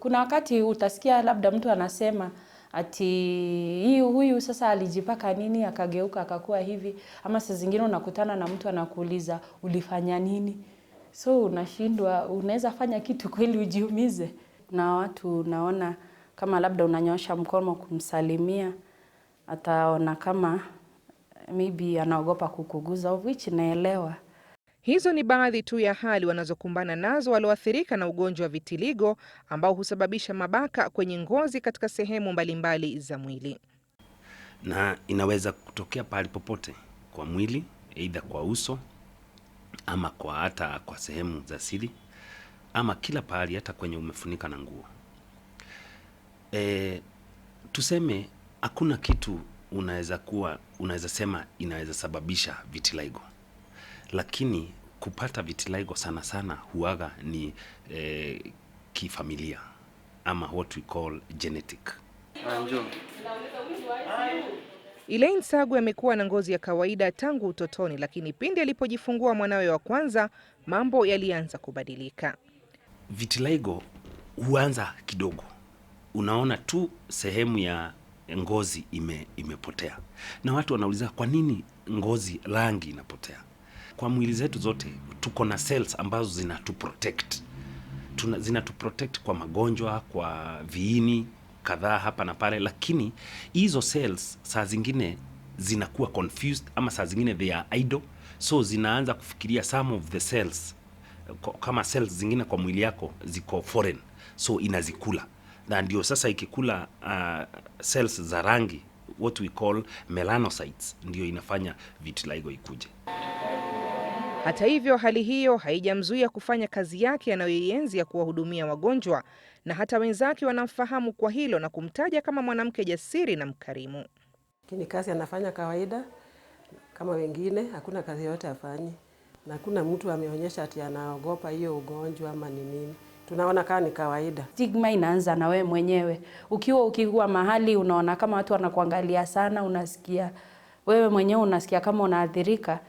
kuna wakati utasikia labda mtu anasema ati hii huyu sasa alijipaka nini akageuka akakuwa hivi, ama saa zingine unakutana na mtu anakuuliza ulifanya nini? So unashindwa, unaweza fanya kitu kweli ujiumize. Na watu unaona kama labda unanyosha mkono kumsalimia, ataona kama maybe anaogopa kukuguza, of which naelewa. Hizo ni baadhi tu ya hali wanazokumbana nazo walioathirika na ugonjwa wa vitiligo ambao husababisha mabaka kwenye ngozi katika sehemu mbalimbali za mwili, na inaweza kutokea pahali popote kwa mwili, aidha kwa uso ama kwa hata kwa sehemu za siri ama kila pahali, hata kwenye umefunika na nguo. E, tuseme hakuna kitu unaweza kuwa unaweza sema inaweza sababisha vitiligo, lakini kupata vitiligo sana sana huaga ni eh, kifamilia ama what we call genetic. Ah, Elaine Sagu amekuwa na ngozi ya kawaida tangu utotoni, lakini pindi alipojifungua mwanawe wa kwanza mambo yalianza kubadilika. Vitiligo huanza kidogo, unaona tu sehemu ya ngozi ime, imepotea, na watu wanauliza kwa nini ngozi rangi inapotea? kwa mwili zetu zote tuko na cells ambazo zinatuprotect tuna, zinatuprotect kwa magonjwa, kwa viini kadhaa hapa na pale, lakini hizo cells saa zingine zinakuwa confused ama saa zingine they are idle, so zinaanza kufikiria some of the cells kama cells zingine kwa mwili yako ziko foreign, so inazikula na ndio sasa ikikula uh, cells za rangi what we call melanocytes, ndio inafanya vitiligo ikuje. Hata hivyo, hali hiyo haijamzuia kufanya kazi yake anayoienzi ya kuwahudumia wagonjwa, na hata wenzake wanamfahamu kwa hilo na kumtaja kama mwanamke jasiri na mkarimu. Lakini kazi anafanya kawaida kama wengine, hakuna kazi yoyote afanyi, na hakuna mtu ameonyesha ati anaogopa hiyo ugonjwa ama ni nini tunaona kama ni kawaida. Stigma inaanza na wewe mwenyewe ukiwa ukiwa mahali unaona kama watu wanakuangalia sana, unasikia wewe mwenyewe unasikia kama unaathirika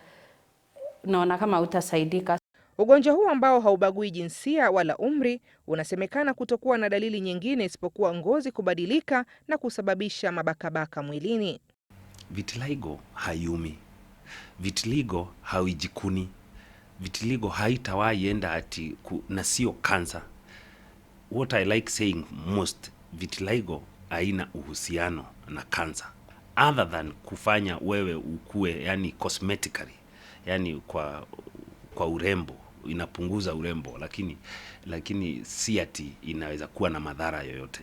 naona kama utasaidika. Ugonjwa huu ambao haubagui jinsia wala umri unasemekana kutokuwa na dalili nyingine isipokuwa ngozi kubadilika na kusababisha mabakabaka mwilini. Vitiligo haiumi, vitiligo haijikuni, vitiligo haitawaienda enda na sio kansa. What I like saying most, vitiligo haina uhusiano na kansa other than kufanya wewe ukue, yani cosmetically yani kwa, kwa urembo inapunguza urembo, lakini lakini si ati inaweza kuwa na madhara yoyote.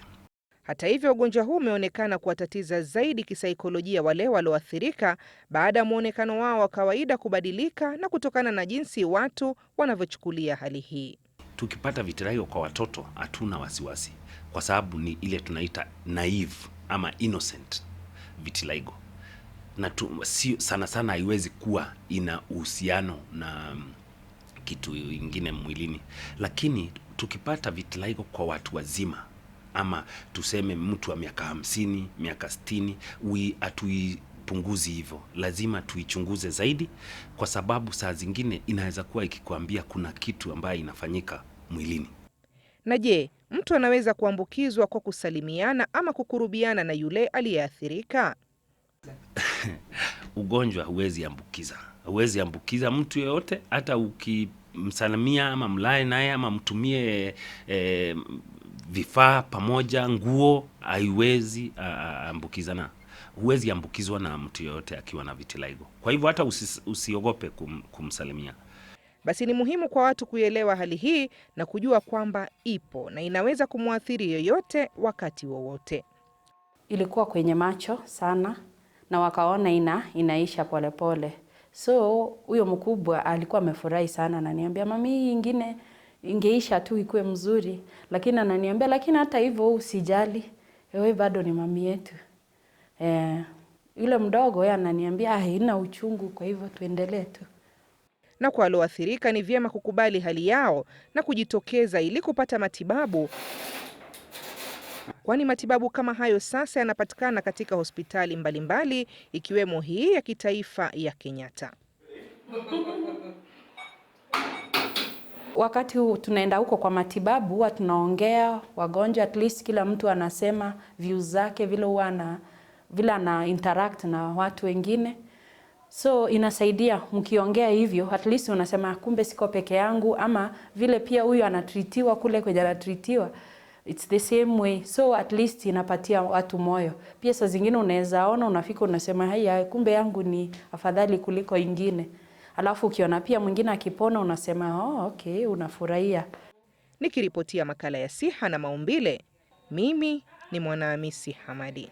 Hata hivyo, ugonjwa huu umeonekana kuwatatiza zaidi kisaikolojia wale walioathirika baada ya mwonekano wao wa kawaida kubadilika na kutokana na jinsi watu wanavyochukulia hali hii. Tukipata vitirahio kwa watoto hatuna wasiwasi, kwa sababu ni ile tunaita naive ama innocent vitiligo na tu, si, sana sana haiwezi kuwa ina uhusiano na mm, kitu ingine mwilini, lakini tukipata vitiligo kwa watu wazima ama tuseme mtu wa miaka hamsini, miaka sitini, hatuipunguzi hivyo. Lazima tuichunguze zaidi, kwa sababu saa zingine inaweza kuwa ikikwambia kuna kitu ambayo inafanyika mwilini. Na je, mtu anaweza kuambukizwa kwa kusalimiana ama kukurubiana na yule aliyeathirika? ugonjwa huwezi ambukiza, huwezi ambukiza mtu yeyote, hata ukimsalimia ama mlae naye ama mtumie e, vifaa pamoja, nguo, haiwezi ambukizana huwezi ambukizwa na mtu yeyote akiwa na vitiligo. Kwa hivyo hata usi, usiogope kum, kumsalimia. Basi ni muhimu kwa watu kuielewa hali hii na kujua kwamba ipo na inaweza kumwathiri yoyote wakati wowote. Ilikuwa kwenye macho sana na wakaona ina inaisha polepole pole. So huyo mkubwa alikuwa amefurahi sana, ananiambia mami, hii ingine ingeisha tu ikuwe mzuri, lakini ananiambia lakini hata hivyo usijali, wewe bado ni mami yetu. Eh, yule mdogo yeye ananiambia ah, haina uchungu, kwa hivyo tuendelee tu. Na kwa walioathirika ni vyema kukubali hali yao na kujitokeza ili kupata matibabu kwani matibabu kama hayo sasa yanapatikana katika hospitali mbalimbali mbali, ikiwemo hii ya kitaifa ya Kenyatta. Wakati tunaenda huko kwa matibabu, huwa tunaongea wagonjwa, at least kila mtu anasema views zake, vile huwa na vile ana interact na watu wengine, so inasaidia mkiongea hivyo, at least unasema ah, kumbe siko peke yangu, ama vile pia huyu anatritiwa kule kwenye anatritiwa It's the same way, so at least inapatia watu moyo pia. Saa zingine unaweza ona, unafika unasema, haya, kumbe yangu ni afadhali kuliko ingine, alafu ukiona pia mwingine akipona unasema oh, okay, unafurahia. Nikiripotia makala ya Siha na Maumbile, mimi ni Mwanahamisi Hamadi.